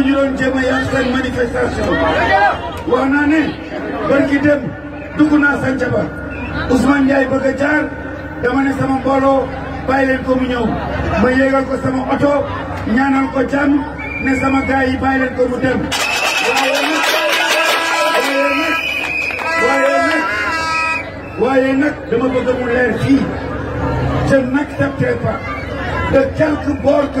na ñu doon jéem a yàq seen manifestation wax naa ne barki naa Santhiaba Ousmane Ndiaye a jaar dama ne sama mbooloo bàyyi leen ko mu ñëw ma sama oto ñaanal ko ne sama gars yi bàyyi leen ko mu dem. waaye nag dama bëgg mu leer fii je n'accepterai pas de quelque bord que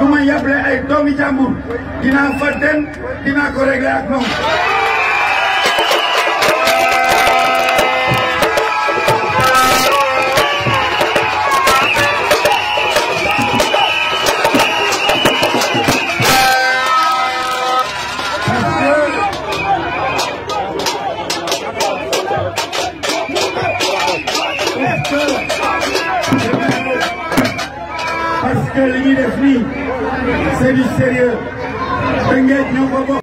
du ma hablé ay domi jambour dina fa den dina que c'est du sérieux.